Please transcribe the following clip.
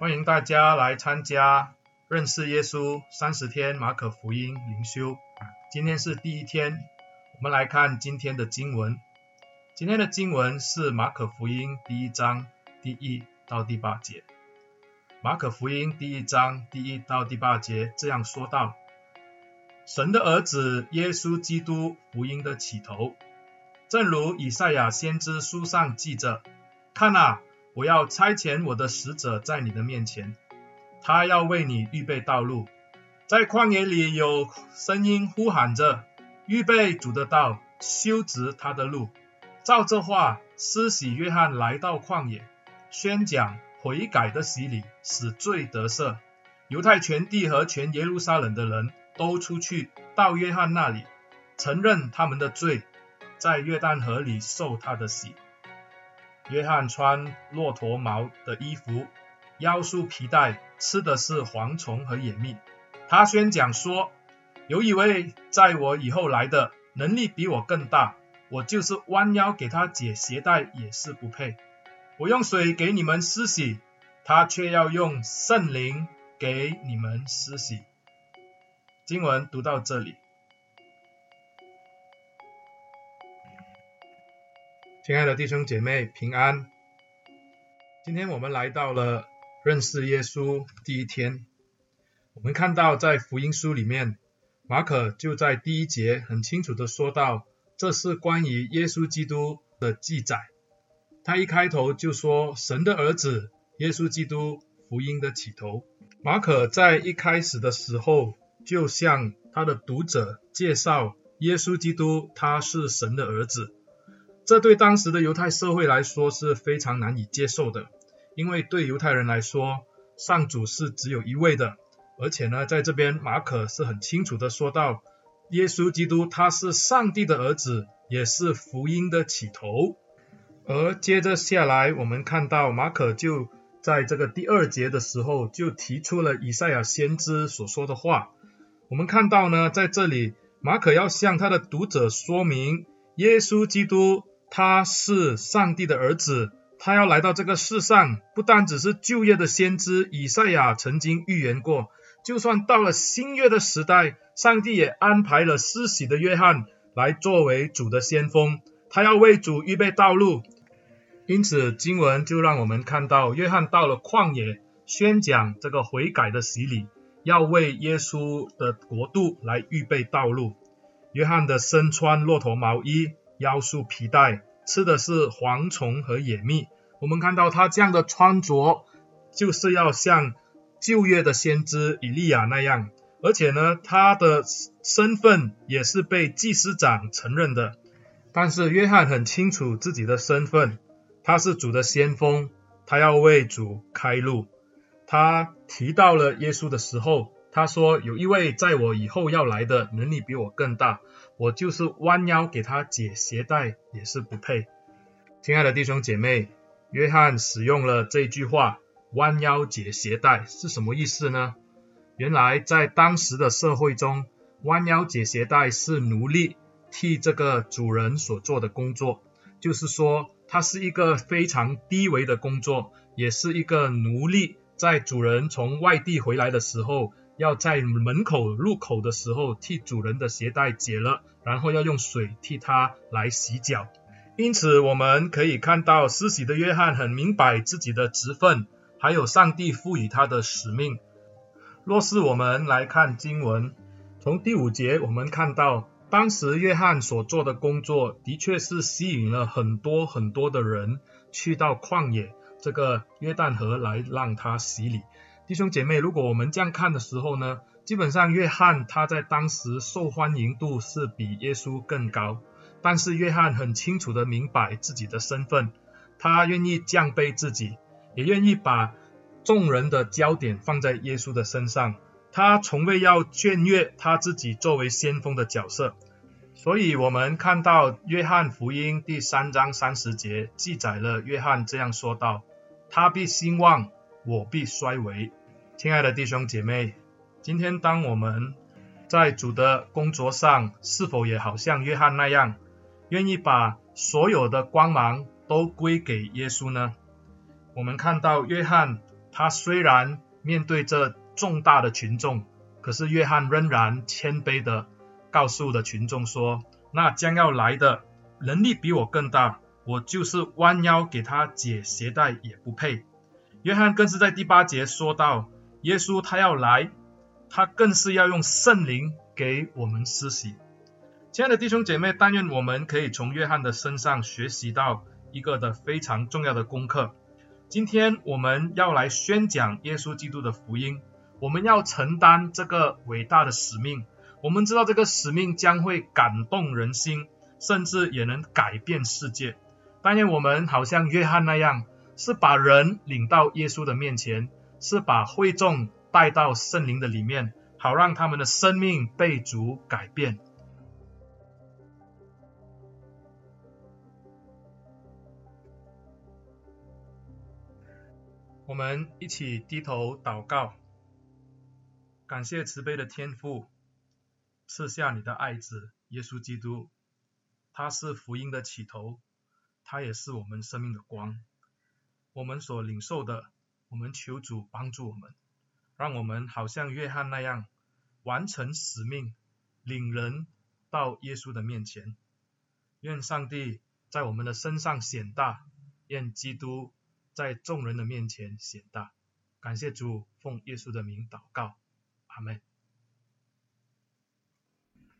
歡迎大家來參加認識耶穌三十天馬可福音靈修，今天是第一天，我們來看今天的經文。今天的經文是馬可福音第一章第一到第八節。馬可福音第一章第一到第八節這樣說道：神的兒子耶穌基督福音的起頭，正如以賽亞先知書上記着，看哪，我要差遣我的使者在你的面前，他要為你預備道路。在曠野裡有聲音呼喊着，預備主的道，修直他的路。照這話，施洗約翰來到曠野，宣講悔改的洗禮，使罪得赦。猶太全地和全耶路撒冷的人都出去到約翰那裡，承認他們的罪，在約旦河裡受他的洗。約翰穿駱駝毛的衣服，腰束皮帶，吃的是蝗蟲和野蜜。他宣講說：“有一位在我以後來的，能力比我更大，我就是彎腰給他解鞋帶也是不配。我用水給你們施洗，他卻要用聖靈給你們施洗。”經文讀到這裡。親愛的弟兄姐妹，平安！今天我們來到了認識耶穌第一天。我們看到在福音書裡面，馬可就在第一節很清楚的說到，這是關於耶穌基督的記載。他一開頭就說：“神的兒子耶穌基督，福音的起頭。”馬可在一開始的時候，就向他的讀者介紹耶穌基督，他是神的兒子。這對當時的猶太社會來說是非常難以接受的，因為對猶太人來說，上主是只有一位的，而且呢，在這邊馬可是很清楚的說到，耶穌基督他是上帝的兒子，也是福音的起頭。而接着下來，我們看到馬可就在這個第二節的時候，就提出了以賽亞先知所說的話。我們看到呢，在這裡馬可要向他的讀者說明，耶穌基督。他是上帝的兒子，他要來到這個世上，不單只是舊約的先知以賽亞曾經預言過，就算到了新約的時代，上帝也安排了施洗的約翰來作為主的先鋒，他要為主預備道路。因此，經文就讓我們看到，約翰到了曠野宣講這個悔改的洗禮，要為耶穌的國度來預備道路。約翰的身穿駱駝毛衣。腰束皮帶，吃的是蝗蟲和野蜜。我們看到他這樣的穿着，就是要像舊約的先知以利亞那樣，而且呢，他的身份也是被祭司長承認的。但是約翰很清楚自己的身份，他是主的先鋒，他要為主開路。他提到了耶穌的時候，他說，有一位在我以後要來的，能力比我更大，我就是彎腰給他解鞋帶也是不配。親愛的弟兄姐妹，約翰使用了這句話“彎腰解鞋帶”是什麼意思呢？原來在當時的社會中，彎腰解鞋帶是奴隸替這個主人所做的工作，就是說，它是一個非常低微的工作，也是一個奴隸在主人從外地回來的時候。要在門口入口的時候替主人的鞋帶解了，然後要用水替他來洗腳。因此我們可以看到施洗的約翰很明白自己的職份，還有上帝賦予他的使命。若是我們來看經文，從第五節我們看到，當時約翰所做的工作的確是吸引了很多很多的人去到曠野，這個約旦河來讓他洗禮。弟兄姐妹，如果我們這樣看的時候呢，基本上約翰他在當時受歡迎度是比耶穌更高，但是約翰很清楚地明白自己的身份，他願意降卑自己，也願意把眾人的焦點放在耶穌的身上，他從未要僭越他自己作為先鋒的角色，所以我們看到約翰福音第三章三十節記載了約翰這樣說道：“他必興旺。”我必衰微。親愛的弟兄姐妹，今天當我們在主的工作上，是否也好像約翰那樣，願意把所有的光芒都歸給耶穌呢？我們看到約翰，他雖然面對着重大的群眾，可是約翰仍然謙卑地告訴了群眾說：“那將要來的能力比我更大，我就是彎腰給他解鞋帶也不配。”約翰更是在第八節說到，耶穌他要來，他更是要用聖靈給我們施洗。親愛的弟兄姐妹，但願我們可以從約翰的身上學習到一個的非常重要的功課。今天我們要來宣講耶穌基督的福音，我們要承擔這個偉大的使命。我們知道這個使命將會感動人心，甚至也能改變世界。但願我們好像約翰那樣。是把人領到耶穌的面前，是把會眾帶到聖靈的裡面，好讓他們的生命被主改變。我們一起低頭禱告。感謝慈悲的天父賜下你的愛子耶穌基督，他是福音的起頭，他也是我們生命的光。我們所領受的，我們求主幫助我們，讓我們好像約翰那樣完成使命，領人到耶穌的面前。願上帝在我們的身上顯大，願基督在眾人的面前顯大。感謝主，奉耶穌的名禱告，阿門。